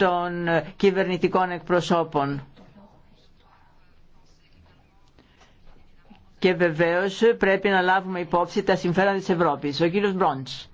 των κυβερνητικών εκπροσώπων. Και βεβαίως πρέπει να λάβουμε υπόψη τα συμφέροντα της Ευρώπης. Ο κύριος Μπρόντς.